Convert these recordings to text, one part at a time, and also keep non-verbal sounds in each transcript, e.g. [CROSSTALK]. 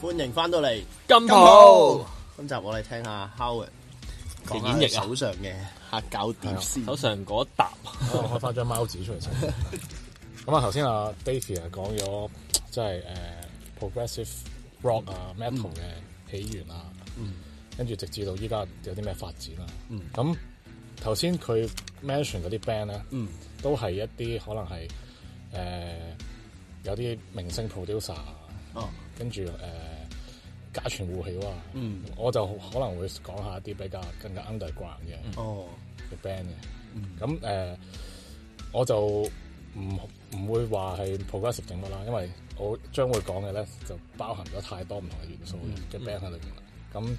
歡迎翻到嚟，金普。今集我嚟聽下 Howard 嘅演繹，手上嘅客搞點先， [MUSIC] 手上嗰沓。 [LAUGHS] [LAUGHS] 我開翻張貓紙出嚟先。咁啊，頭先啊，Davey 啊講咗即係誒，progressive rock 啊、嗯、，metal 嘅起源啊，嗯。跟住直至到依家有啲咩發展啦？嗯，咁頭先佢 mention 嗰啲 band 咧，嗯，都係一啲可能係誒、呃、有啲明星 producer 啊，哦，跟住誒家傳戶曉啊，嗯，我就可能會講下一啲比較更加 underground 嘅哦 band 嘅，咁誒、呃、我就唔唔會話係 progressive 整噶啦，因為我將會講嘅咧就包含咗太多唔同嘅元素嘅 band 喺裏邊啦，咁、嗯。嗯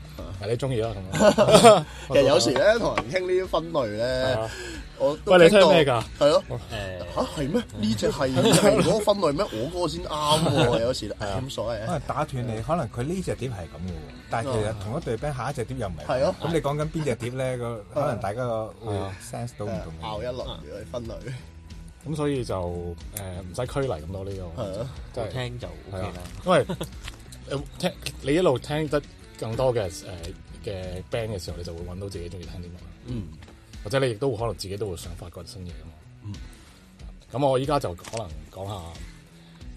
係你中意咯，同埋。其實有時咧，同人傾呢啲分類咧、啊，我都喂你聽咩噶？係咯、啊。吓係咩？呢隻係嗰個分類咩？ [LAUGHS] 我嗰個先啱喎。有時啦，咁所謂。可能打斷你， [LAUGHS] 可能佢呢隻碟係咁嘅， [LAUGHS] 但係其實同一隊兵，下一隻碟又唔係。係咯、啊。咁你講緊邊隻碟咧？個 [LAUGHS] 可能大家個 sense 都唔同。拗一輪分類。咁、嗯、 [LAUGHS] 所以就誒唔使拘泥咁多呢、啊這個。係、就、啊、是。聽就 OK 啦。喂、啊， [LAUGHS] 聽你一路聽得更多嘅誒嘅 band 嘅時候，你就會揾到自己中意聽啲乜。嗯、mm.，或者你亦都可能自己都會想發掘新嘢噶嘛。嗯。咁我依家就可能講下誒、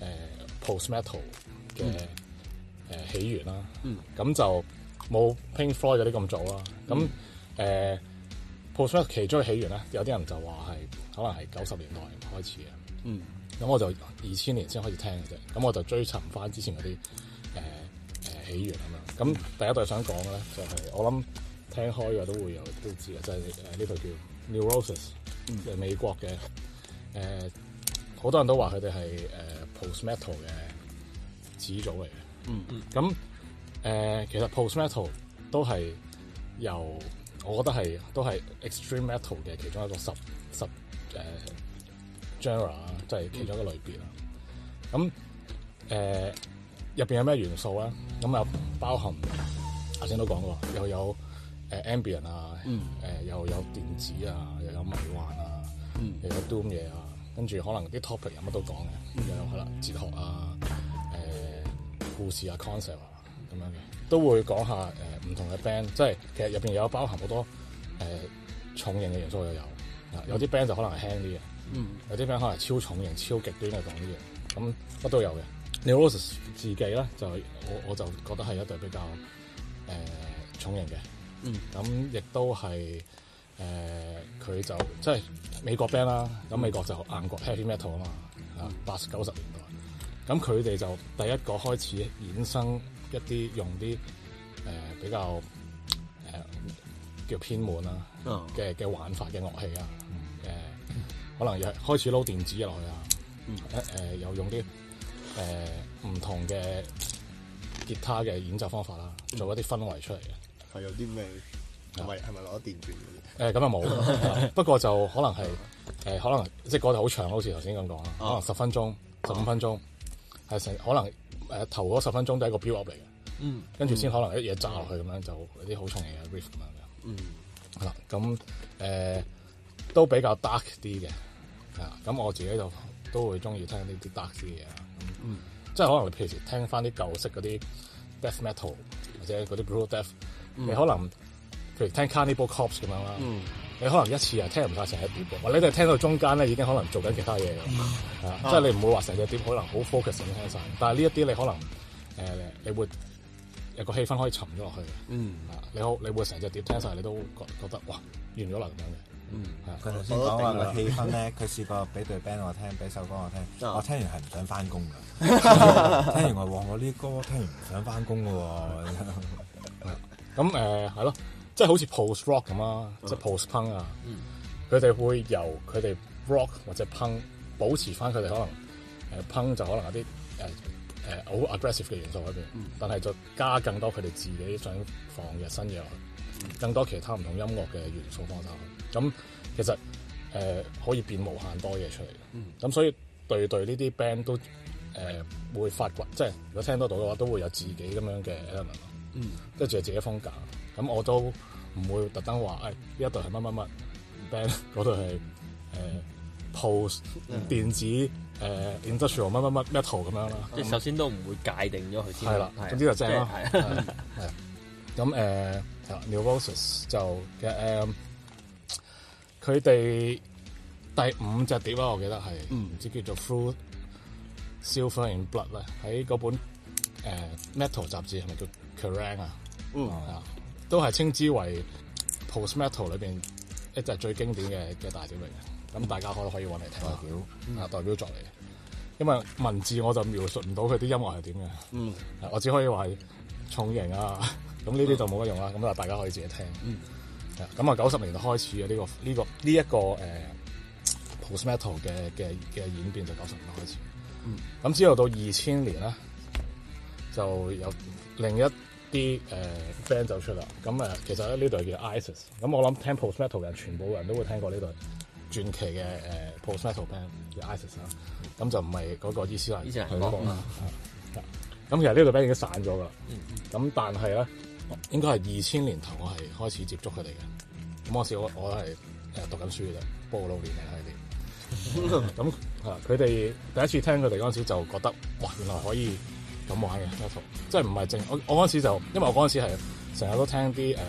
呃、post metal 嘅、mm. 呃、起源啦。咁、mm. 就冇 Pink Floyd 嗰啲咁早啦。咁、mm. 誒、呃、post metal 其中嘅起源咧，有啲人就話係可能係九十年代開始嘅。嗯。咁我就二千年先開始聽嘅啫。咁我就追尋翻之前嗰啲、呃起源咁樣，咁第一隊想講咧、就係，就係我諗聽開嘅都會有都知嘅，就係誒呢度叫 Neurosis，誒、嗯、美國嘅誒好多人都話佢哋係誒 Post Metal 嘅始祖嚟嘅，嗯嗯，咁誒、呃、其實 Post Metal 都係由我覺得係都係 Extreme Metal 嘅其中一個十十誒、呃、genre，即、嗯、係、就係、其中一個類別啦，咁誒。呃入邊有咩元素咧？咁、嗯、啊，包含頭先都講過，又有誒、呃、ambient 啊，誒、嗯呃、又有電子啊，又有迷幻啊，嗯、又有 doom 嘢啊，跟住可能啲 topic 有乜都講嘅，又、嗯、有可能哲學啊，誒、呃、故事啊，concept 啊咁樣嘅，都會講下誒唔、呃、同嘅 band，即係其實入邊有包含好多誒、呃、重型嘅元素又有，啊有啲 band 就可能係輕啲嘅、嗯，有啲 band 可能係超重型、嗯、超極端嘅講啲嘢，咁、嗯、乜都有嘅。Neurosis 自己咧就我我就覺得係一對比較誒、呃、重型嘅，嗯，咁亦都係誒佢就即係美國 band 啦，咁美國就硬國 heavy metal 啊、嗯、嘛，啊八九十年代，咁佢哋就第一個開始衍生一啲用啲誒、呃、比較誒、呃、叫偏門啦嘅嘅玩法嘅樂器啊，誒、呃嗯、可能又開始撈電子落去啊，誒、嗯呃呃、又用啲。誒、呃，唔同嘅吉他嘅演奏方法啦，做一啲氛圍出嚟嘅。係有啲咩？唔係，係咪攞電鑽嘅？誒、呃，咁又冇。 [LAUGHS] 不過就可能係誒，可、呃、能即係嗰度好長，好似頭先咁講啦，可能十分鐘、十五分鐘，係、啊、成可能誒、呃、頭嗰十分鐘都係個 build up 嚟嘅。嗯。跟住先可能一嘢揸落去咁樣、嗯，就一啲好重嘅 riff 咁樣樣。嗯。係、啊、啦，咁誒、呃、都比較 dark 啲嘅。係啊，咁我自己就。都會中意聽呢啲 dark 啲嘢啊，咁、嗯、即係可能你平時聽翻啲舊式嗰啲 death metal 或者嗰啲 blue death、嗯、你可能譬如聽 Cannibal Corpse 咁樣啦、嗯，你可能一次啊聽唔晒成一碟嘅，或你哋聽到中間咧已經可能做緊其他嘢嘅，係、嗯、啊，即係你唔會話成隻碟可能好 focus 咁聽晒，但係呢一啲你可能誒、呃、你會有個氣氛可以沉咗落去，嗯啊，你好你會成隻碟聽晒，你都覺覺得哇完咗啦咁樣嘅。嗯，佢頭先講話嘅氣氛咧，佢試過俾對 band 我聽，俾首歌我聽、哦，我聽完係唔想翻工噶， [LAUGHS] 聽完我話我呢歌聽完唔想翻工噶，咁誒係咯，即係好似 post rock 咁啊，即係 post punk 啊，佢哋會由佢哋 rock 或者 punk 保持翻佢哋可能誒 punk、嗯呃、就可能有啲誒誒好 aggressive 嘅元素喺邊、嗯，但係就加更多佢哋自己想放嘅新嘢，落、嗯、去，更多其他唔同音樂嘅元素放晒落去。咁其實、呃、可以變無限多嘢出嚟嘅，咁、嗯、所以對對呢啲 band 都誒、呃、會發掘，即係如果聽得到嘅話，都會有自己咁樣嘅 element，嗯，即係自己風格。咁我都唔會特登話誒呢一隊係乜乜乜 band，嗰隊係 post 電子、嗯呃、industrial 乜乜乜 metal 咁樣啦。即係首先都唔會界定咗佢先。係啦，總之就係啦。係。咁 Neurosis 就嘅、呃佢哋第五隻碟啦，我記得係唔知叫做《Through Silver in Blood》啦，呃，喺嗰本誒 Metal 雜誌係咪叫《Kerrang》啊？嗯，啊都係稱之為 Post Metal 裏邊一隻最經典嘅嘅大碟嚟嘅。咁大家可可以揾嚟聽，代表啊代表作嚟嘅。因為文字我就描述唔到佢啲音樂係點嘅。嗯，我只可以話係重型啊。咁呢啲就冇乜用啦。咁啊，大家可以自己聽。嗯。嗯。咁啊，九十年代開始嘅呢、呢個呢、呢個呢一、呢個誒、呃、post metal 嘅嘅嘅演變就九十年代開始。嗯，咁之後到二千年咧，就有另一啲誒、呃、band 就出啦。咁、呃、其實咧呢隊叫 ISIS。咁我諗聽 post metal 嘅人，全部人都會聽過呢隊傳奇嘅、呃、post metal band，叫 ISIS 咁、嗯、就唔係嗰個伊斯蘭。以前講啊。咁、嗯、其實呢隊 band 已經散咗噶啦。咁、嗯、但係咧。應該係二千年頭，我係開始接觸佢哋嘅。咁嗰時我我係誒讀緊書嘅啫，暴露年齡咁啊，佢 [LAUGHS] 哋第一次聽佢哋嗰陣時就覺得哇，原來可以咁玩嘅 metal，即係唔係正。我我嗰陣時就因為我嗰陣時係成日都聽啲誒、呃、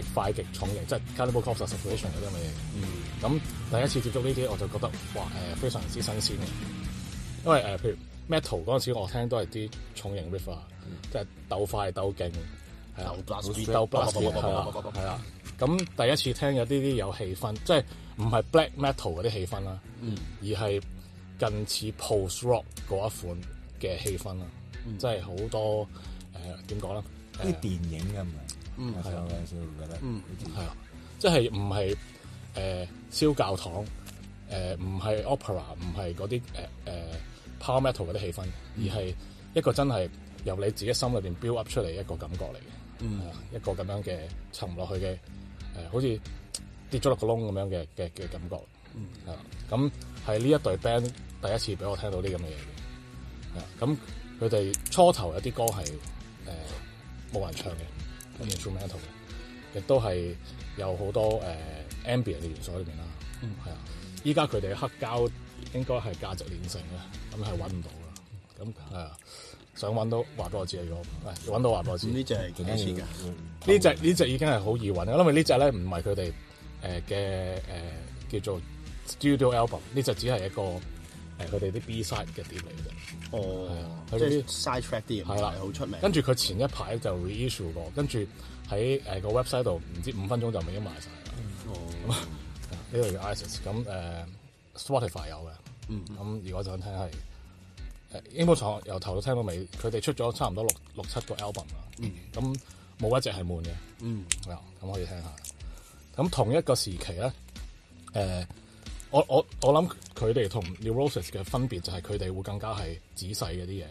極快極重型，即係《Cannibal Composition》嗰啲咁嘅嘢。嗯，咁第一次接觸呢啲，我就覺得哇，誒、呃、非常之新鮮嘅。因為誒、呃，譬如 metal 嗰陣時我聽都係啲重型 riff 即係鬥快鬥勁。係啦，咁、 [NOISE] [NOISE] [NOISE] [NOISE] [NOISE] yeah. 嗯嗯嗯、第一次聽些有啲啲有氣氛，即係唔係 black metal 嗰啲氣氛啦，嗯，而係近似 post rock 嗰一款嘅氣氛啦，即係好多誒點講咧，啲電影咁嘅，嗯，係啊，先、呃、會、呃 uh, 嗯、覺得，嗯，係、uh, uh, 啊，即係唔係誒燒教堂，誒唔係 opera，唔係嗰啲誒誒 power metal 嗰啲氣氛，嗯、而係一個真係由你自己心裏邊 build up 出嚟一個感覺嚟嘅。嗯、mm.，一個咁樣嘅沉落去嘅，誒、呃，好似跌咗落個窿咁樣嘅嘅嘅感覺。嗯、mm. 啊，係咁呢一隊 band 第一次俾我聽到啲咁嘅嘢嘅，係咁佢哋初頭有啲歌係誒冇人唱嘅，instrumental，亦都係有好多誒、呃、ambient 嘅元素喺裏面啦。嗯，係啊，依家佢哋黑膠應該係價值連城嘅，咁係搵唔到嘅。咁係啊。想揾到話俾我知啊！如果揾到話俾我知，呢隻係幾多錢㗎？呢隻呢隻已經係好易揾，因為呢隻咧唔係佢哋誒嘅誒叫做 studio album，呢隻只係一個誒佢哋啲 B side 嘅碟嚟嘅。哦，呃、即係 side track 碟，嗯，係啦，好出名的。跟住佢前一排就 reissue 過，跟住喺誒個 website 度唔知五分鐘就已經賣晒啦。哦，呢度叫 ISIS，咁誒 Spotify 有嘅。嗯、咁、嗯呃嗯、如果想聽係。i n b 由頭到聽到尾，佢哋出咗差唔多六六七個 album 啦。咁、嗯、冇一隻係悶嘅。咁、嗯、可以聽下。咁同一個時期咧、呃，我我我諗佢哋同 Neurosis 嘅分別就係佢哋會更加係仔細嘅啲嘢，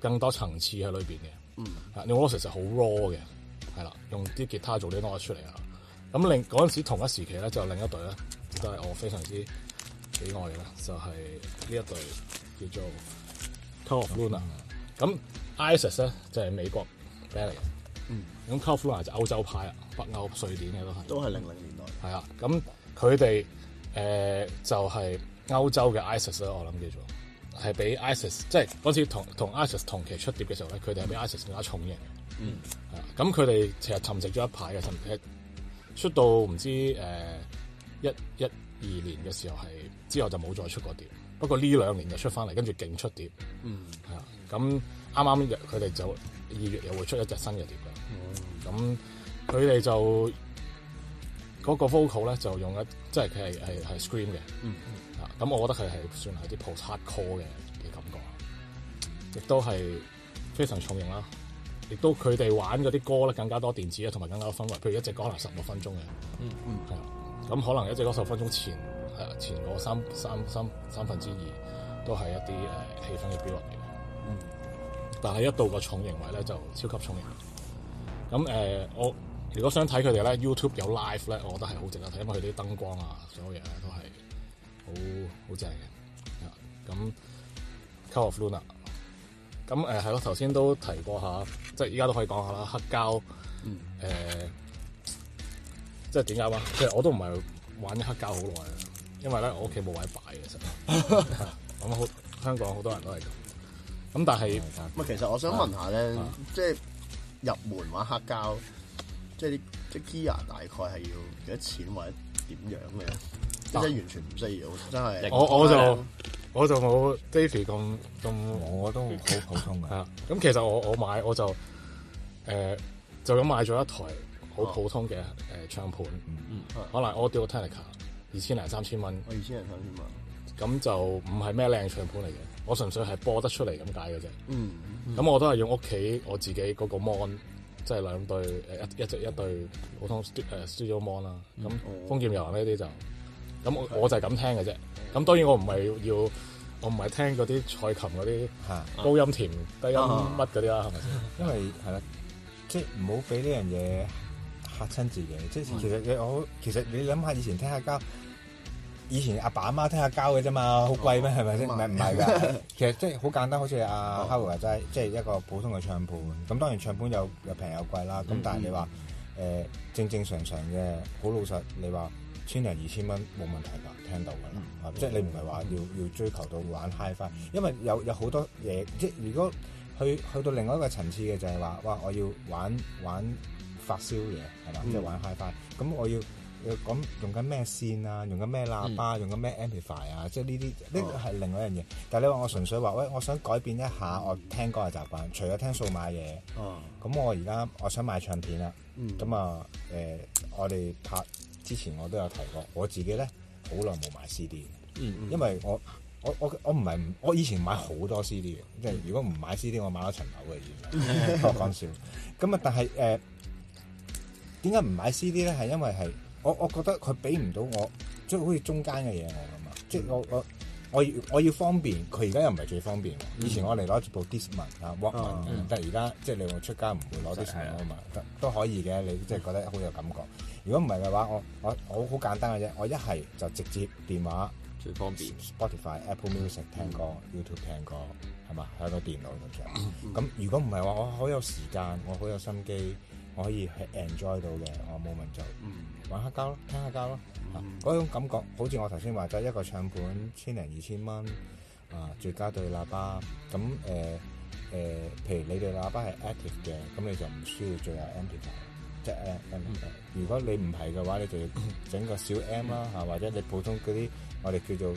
更多層次喺裏面嘅。嗯、Neurosis 好 raw 嘅，係啦，用啲吉他做啲歌出嚟啦。咁另嗰陣時同一時期咧，就另一隊咧都係我非常之幾愛嘅啦，就係、是、呢一隊叫做。Cult of Luna。咁 ISIS 咧就係美國嚟嘅，嗯，咁 Cult of Luna 就歐洲派啊，北歐瑞典嘅都係，都係零零年代，係啊，咁佢哋誒就係歐洲嘅 ISIS 咧，我諗叫做係比 ISIS，即係嗰次同同 ISIS 同期出碟嘅時候咧，佢哋係比 ISIS 更加重型嘅，嗯，咁佢哋其實沉寂咗一排嘅，沉寂出到唔知誒一一二年嘅時候係，之後就冇再出過碟。不過呢兩年就出翻嚟，跟住勁出碟。嗯，係啊。咁啱啱佢哋就二月又會出一隻新嘅碟嘅。咁佢哋就嗰個 vocal 咧就用一即係佢係係係 scream 嘅。嗯嗯、啊、咁我覺得佢係算係啲 post-hardcore 嘅嘅感覺，亦都係非常重型啦。亦都佢哋玩嗰啲歌咧更加多電子啊，同埋更加多氛圍。譬如一隻歌可能十六分鐘嘅。嗯嗯。係啊。咁可能一隻歌十五分鐘前。誒前嗰三三三三分之二都係一啲誒、呃、氣氛嘅表演嚟嘅，嗯，但係一到個重型位咧就超級重型。咁、呃、誒，我如果想睇佢哋咧，YouTube 有 live 咧，我覺得係好值得睇，因為佢啲燈光啊，所有嘢咧都係好好正嘅。咁 Cult of Luna，咁誒係咯，頭先都提過一下，即係依家都可以講下啦。黑膠，嗯、呃，即係點解話？其實我都唔係玩黑膠好耐因為咧，我屋企冇位擺嘅，實咁好。香港好多人都係咁。咁、嗯、但係，唔係其實我想問一下咧、啊，即係入門玩黑膠，啊、即係啲即係 gear 大概係要幾多錢或者點樣嘅、啊？即係完全唔需要，啊、真係。我、嗯、我就我就冇 David 咁咁，我都好普通嘅、 [LAUGHS] 嗯呃。啊，咁其實我我買我就誒就咁買咗一台好普通嘅誒唱盤，可、嗯、能我、嗯、Audio Technica 二千零三千蚊，哦，我二千零三千蚊，咁就唔係咩靚唱片嚟嘅，我純粹係播得出嚟咁解嘅啫。嗯、咁、嗯、我都係用屋企我自己嗰個 mon，即係兩對誒一一隻一對，一對普通誒、呃、studio mon 啦。咁、嗯哦《封月游呢啲就，咁我、okay. 我就就咁聽嘅啫。咁當然我唔係要，我唔係聽嗰啲蔡琴嗰啲吓高音甜低音乜嗰啲啦，係咪先？因為係啦，即係唔好俾呢樣嘢嚇親自己。即、就、係、是、其實我，其實你諗下以前聽下交。以前阿爸阿媽，媽聽下交嘅啫嘛，好貴咩？係咪先？唔係唔係㗎，啊、 [LAUGHS] 其實即係好簡單，好似阿哈維話齋，即係一個普通嘅唱盤。咁當然唱盤有有平有貴啦。咁、嗯、但係你話誒、呃、正正常常嘅好老實，你話千零二千蚊冇問題㗎，聽到㗎啦、嗯。即係你唔係話要、嗯、要追求到玩 Hi-Fi、嗯、因為有有好多嘢。即係如果去去到另外一個層次嘅就係話，哇！我要玩玩發燒嘢係嘛，即係玩 Hi-Fi。咁我要。咁用緊咩線啊？用緊咩喇叭？嗯、用緊咩 amplify 啊？即係呢啲呢個係另外一樣嘢。但係你話我純粹話，喂，我想改變一下我聽歌嘅習慣，除咗聽數碼嘢。咁、哦、我而家我想買唱片啦。咁啊誒，我哋拍之前我都有提過，我自己咧好耐冇買 CD、嗯嗯。因為我我我我唔係我以前買好多 CD 嘅，即、嗯、係、就是、如果唔買 CD，我買咗層樓嘅。我講、嗯、笑。咁啊，但係誒，點解唔買 CD 咧？係因為係。我我覺得佢俾唔到我，即係好似中間嘅嘢、嗯、我咁啊！即係我我我要我要方便，佢而家又唔係最方便。以前我嚟攞住部 Discman 啊，Walkman 得，而、嗯就是、家即係你我出街唔會攞啲嘢啊嘛，都都可以嘅。你即係覺得好有感覺。如果唔係嘅話，我我我好簡單嘅啫，我一係就直接電話最方便，Spotify、Apple Music 聽歌、嗯、YouTube 聽歌，係嘛喺個電腦度聽。咁、嗯、如果唔係話，我好有時間，我好有心機。我可以去 enjoy 到嘅，我冇問就玩黑膠咯、嗯，聽黑膠咯，嗰、嗯啊、種感覺好似我頭先話齋一個唱盤，千零二千蚊啊，最佳對喇叭咁誒、呃呃、譬如你對喇叭係 active 嘅，咁你就唔需要最有 amplifier 即係 amplifi、嗯、er 如果你唔係嘅話，你就整個小 M 啦、嗯啊，或者你普通嗰啲我哋叫做。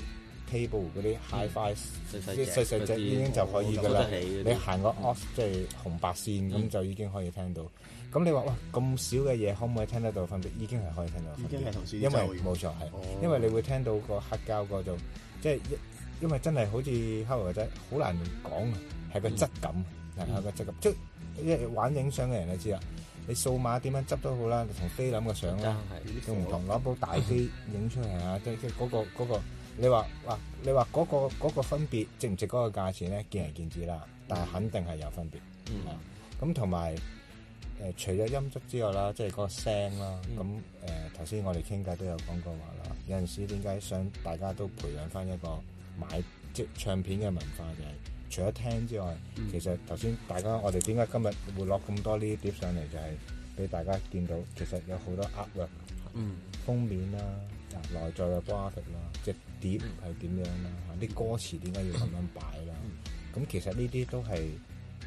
table 嗰啲 hi-fi 啲、嗯、細細隻已經就可以㗎啦、哦。你行個 off 即係紅白線咁、嗯，就已經可以聽到。咁、嗯、你話咁少嘅嘢，可唔可以聽得到分別？已經係可以聽到。已經係同視力，因為冇、哦、錯係，因為你會聽到個黑膠嗰度，即係因為真係好似黑膠仔，好難講啊，係個質感，係個質感。即係玩影相嘅人你知啦，你數碼點樣執都好啦，同菲林個相啦，都唔同。攞部大機影出嚟啊，即係嗰個嗰個。你話、啊、你話嗰、嗰個嗰、嗰個分別值唔值嗰個價錢咧？見仁見智啦，但係肯定係有分別。嗯，咁同埋除咗音質之外啦，即係嗰個聲啦。咁誒頭先我哋傾偈都有講過話啦，有陣時點解想大家都培養翻一個買即唱片嘅文化，就係、是、除咗聽之外，嗯、其實頭先大家我哋點解今日會落咁多呢啲碟上嚟，就係俾大家見到其實有好多呃嘅 artwork、嗯、封面啦、啊。內在嘅 body 啦，隻碟係點樣啦？啲歌詞點解要咁樣擺啦？咁其實呢啲都係，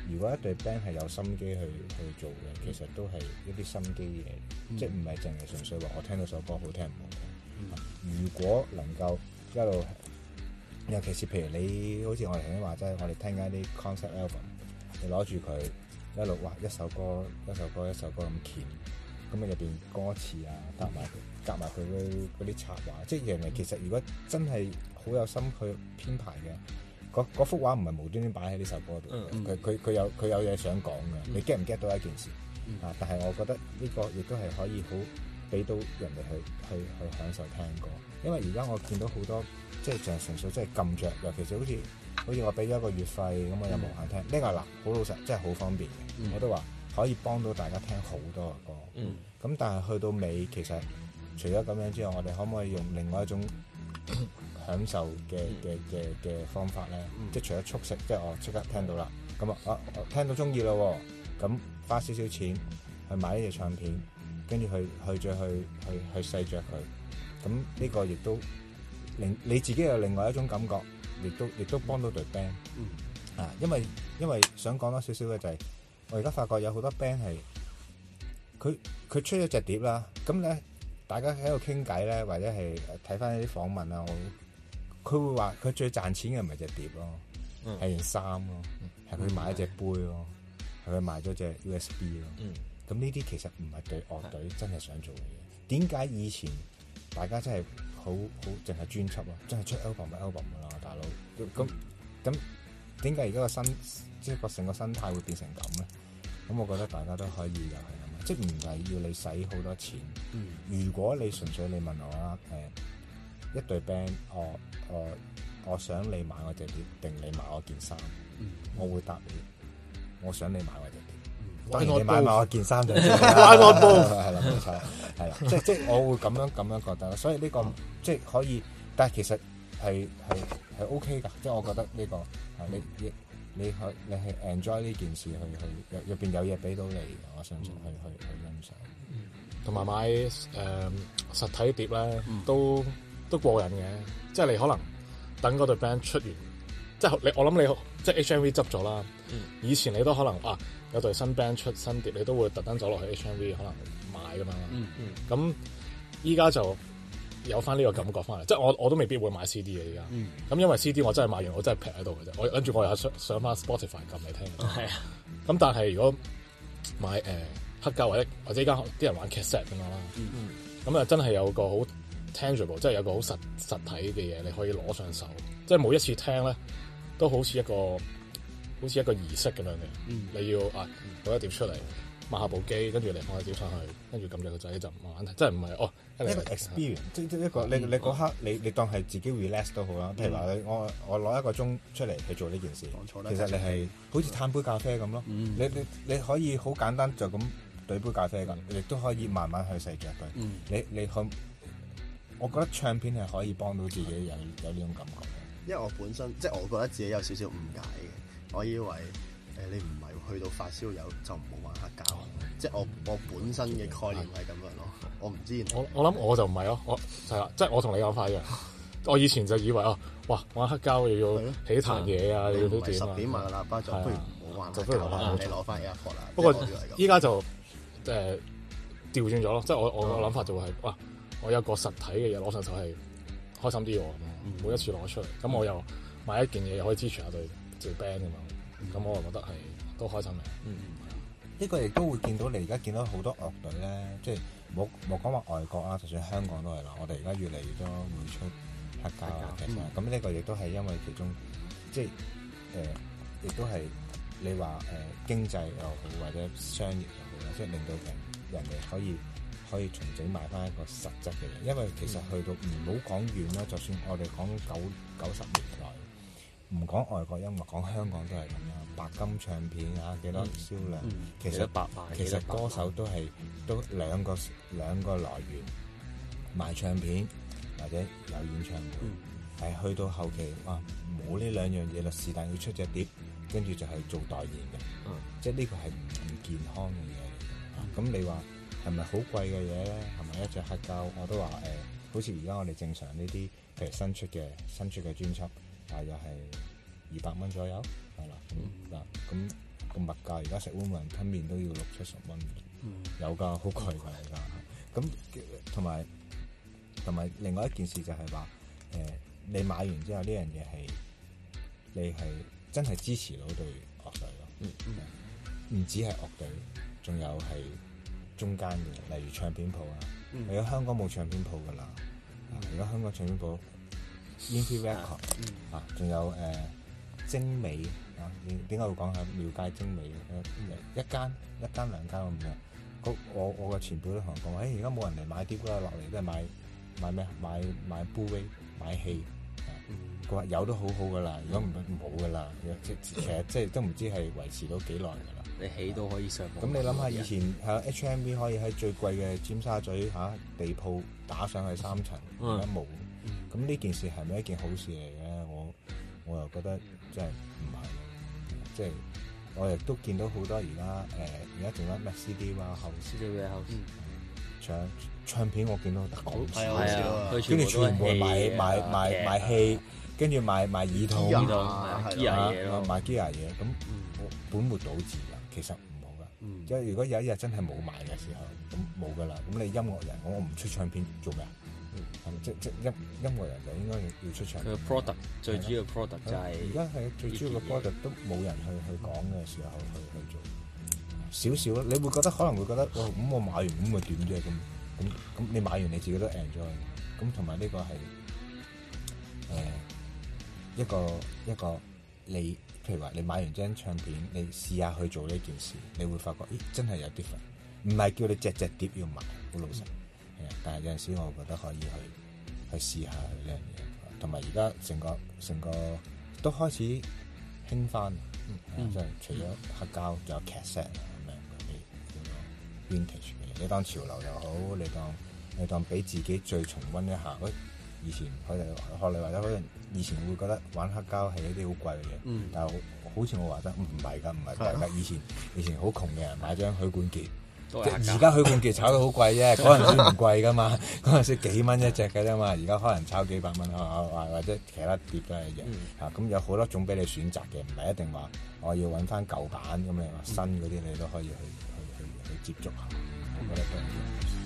如果一隊 band 係有心機去去做嘅，其實都係一啲心機嘢、嗯，即係唔係淨係純粹話我聽到首歌好聽唔好聽、嗯。如果能夠一路，尤其是譬如你好似我哋頭先話齋，我哋聽緊一啲 concept album，你攞住佢一路哇，一首歌一首歌一首歌咁鉗。咁啊，入面歌詞啊，搭埋夾埋佢嗰啲插畫，即係人哋其實如果真係好有心去編排嘅，嗰幅畫唔係無端端擺喺呢首歌度，佢佢佢有佢有嘢想講嘅、嗯，你 get 唔 get 到一件事啊？但係我覺得呢個亦都係可以好俾到人哋去去去享受聽歌，因為而家我見到好多即係就係純粹即係撳著尤其是好似好似我俾咗一個月費咁我有無限聽呢、嗯呢個嗱，好老實，真係好方便嘅、嗯，我都話。可以幫到大家聽好多嘅歌，咁、嗯、但係去到尾其實除咗咁樣之外，我哋可唔可以用另外一種享受嘅嘅嘅嘅方法咧、嗯？即係除咗速食，即係我即刻聽到啦，咁啊我聽到中意啦，咁花少少錢去買一隻唱片，跟住去去再去去去細着佢，咁呢個亦都令你自己有另外一種感覺，亦都亦都幫到隊 band、嗯、啊，因為因為想講多少少嘅就係、是。我而家發覺有好多 band 係佢佢出咗隻碟啦，咁咧大家喺度傾偈咧，或者係睇翻啲訪問啊，我佢會話佢最賺錢嘅唔係隻碟咯，係件衫咯，係佢賣一隻杯咯，係佢賣咗隻 USB 咯、嗯。咁呢啲其實唔係對樂隊真係想做嘅嘢。點、嗯、解以前大家真係好好淨係專輯咯，真係出 album 嘅 album 噶啦，大佬咁咁點解而家個心即係個成個生態會變成咁咧？咁，我覺得大家都可以又係咁，即唔係要你使好多錢。如果你純粹你問我啦，誒、呃，一對 band，我我我想你買我隻碟，定你買我件衫、嗯，我會答你。我想你買我隻碟，但、嗯、你買埋我件衫就。買我布，係啦，係啦，係啦，即即我，我，我，我， [LAUGHS] 我會咁樣咁樣覺得，所以呢、這個、嗯、即可以，但其實係係係 O K 噶，即我覺得呢、這個啊呢、嗯 uh, 你去你係 enjoy 呢件事，去去入面有嘢俾到你，我相信去去去欣賞。嗯，同埋買誒、呃、實體碟咧、嗯，都都過癮嘅。即係你可能等嗰隊 band 出完，即係你我諗你即係 HMV 執咗啦。以前你都可能啊有隊新 band 出新碟，你都會特登走落去 HMV 可能買㗎嘛。嗯嗯，咁依家就。有翻呢個感覺翻嚟，即係我我都未必會買 CD 嘅而家，咁、嗯、因為 CD 我真係買完我真係劈喺度嘅啫，我跟住我又上上翻 Spotify 撳嚟聽。係啊，咁、啊、但係如果買誒、呃、黑膠或者或者依家啲人家玩 ca set 咁樣啦，咁、嗯、啊、嗯、真係有個好 tangible，即係有個好實實體嘅嘢，你可以攞上手，即係每一次聽咧都好似一個好似一個儀式咁樣嘅、嗯，你要啊攞、嗯嗯、一碟出嚟。買下部機，跟住你放啲碟上去，跟住撳住個掣就慢慢睇，真係唔係哦？一,一個 experience，即即一個、嗯、你你嗰刻、嗯、你你當係自己 relax 都好啦。譬、嗯、如話，我我攞一個鐘出嚟去做呢件事，其實你係好似嘆杯咖啡咁咯、嗯。你你你可以好簡單就咁嘆杯咖啡咁，亦都可以慢慢去細嚼佢。你你可？我覺得唱片係可以幫到自己有有呢種感覺。因為我本身即係、就是、我覺得自己有少少誤解嘅，我以為誒、呃、你唔係。去到發燒友就唔好玩黑膠、嗯，即係我我本身嘅概念係咁樣咯、嗯。我唔知，我我諗我就唔係咯。我係啦，即係、就是、我同你講翻一樣。我以前就以為哦，哇，玩黑膠又要起壇嘢啊，要啲點十點啊啦，包咗不如唔好玩啦，不如攞翻 AirPod 啦。不過依家就誒、呃、調轉咗咯，即、就、係、是、我我嘅諗法就會、是、係、嗯、哇，我有個實體嘅嘢攞上手係開心啲喎。每一次攞出嚟咁，嗯、我又買一件嘢又可以支持下隊隊 band 咁樣，咁我又覺得係。都開心嘅，嗯，呢、這個亦都會見到，你而家見到好多樂隊咧，即係冇莫講話外國啊，就算香港都係啦。我哋而家越嚟越多會出黑膠嘅，咁呢、嗯、個亦都係因為其中，即係誒，亦、呃、都係你話誒、呃、經濟又好或者商業又好啦，即係令到人人哋可以可以重整埋翻一個實質嘅，因為其實去到唔好講遠啦，就算我哋講九九十年代。唔講外國音樂，講香港都係咁樣白金唱片吓、啊、幾多銷銷量，嗯嗯、其實其百其實歌手都係都兩個兩、嗯、個來源賣唱片或者有演唱會，係、嗯、去到後期哇，冇呢兩樣嘢啦，是但要出隻碟，跟住就係做代言嘅、嗯，即係呢個係唔健康嘅嘢嚟。咁、嗯、你話係咪好貴嘅嘢咧？係咪一隻黑膠？我都話、呃、好似而家我哋正常呢啲，譬如新出嘅新出嘅專輯。大約係二百蚊左右，係啦。嗱，咁個物價而家食碗雲吞麵都要六七十蚊，有噶，好貴噶。咁同埋同埋另外一件事就係話，誒、呃、你買完之後呢樣嘢係你係真係支持到對樂隊咯，唔止係樂隊，仲有係中間嘅，例如唱片鋪啊，如、嗯、果香港冇唱片鋪噶啦，而、嗯、家香港唱片鋪。i n f i Record 啊，仲、嗯啊、有誒、呃、精美啊，點解會講係廟街精美、嗯、一間一間，一間兩間都冇、嗯、我我個前輩都同我講，而家冇人嚟買碟，嗰個落嚟，都係買買咩買買布威，買戲啊，佢、啊嗯、話有都好好噶啦，如果唔冇噶啦，其實，嗯、其實即係都唔知係維持咗幾耐噶啦。你起到可以上咁，啊嗯嗯、上你諗下以前 H、yeah? M V 可以喺最貴嘅尖沙咀嚇、啊、地鋪打上去三層，而家冇。嗯咁呢件事係咪一件好事嚟嘅？我我又覺得真係唔係，即係我亦都見到好多而家而家仲有咩 CD 啊、後 CD 嘅後、嗯，唱唱片我見到好少，跟住、啊啊、全部買買買買器，跟住買買耳筒，耳套、耳啊、買機器嘢，咁本末倒置啊，其實唔好噶，即係如果有一日真係冇買嘅時候，咁冇噶啦，咁你音樂人我唔出唱片做咩？啊即即音音樂人就應該要出場。佢嘅 product 最主要嘅 product 是的就係而家係最主要嘅 product 都冇人去沒人去講嘅時候去去做少少咯。你會覺得可能會覺得哦咁、嗯、我買完咁個段都咁咁咁你買完你自己都 enjoy 咁同埋呢個係誒、呃、一個一個,一個你譬如話你買完張唱片你試下去做呢件事，你會發覺咦真係有啲份，唔係叫你隻隻碟要買好老實。嗯但係有陣時，我覺得可以去去試一下佢呢樣嘢，同埋而家成個成個都開始興翻，即、嗯、係、嗯嗯、除咗黑膠，仲有 cassette 咁樣嗰啲叫做 Vintage 嘅，你當潮流又好，你當你當俾自己再重溫一下。嗰以前佢哋學你話齋，嗰陣以前會覺得玩黑膠係一啲好貴嘅嘢、嗯，但係好似我話得唔係㗎，唔係㗎，以前以前好窮嘅人買張許冠傑。而家許冠傑炒得好貴啫，嗰陣時唔貴噶嘛，嗰 [LAUGHS] 陣時幾蚊一隻嘅啫嘛，而家可能炒幾百蚊啊，或或者其他碟都係一樣吓，咁、嗯啊、有好多種俾你選擇嘅，唔係一定話我要揾翻舊版咁，你新嗰啲你都可以去、嗯、去去去，去接觸下、嗯，我覺得。都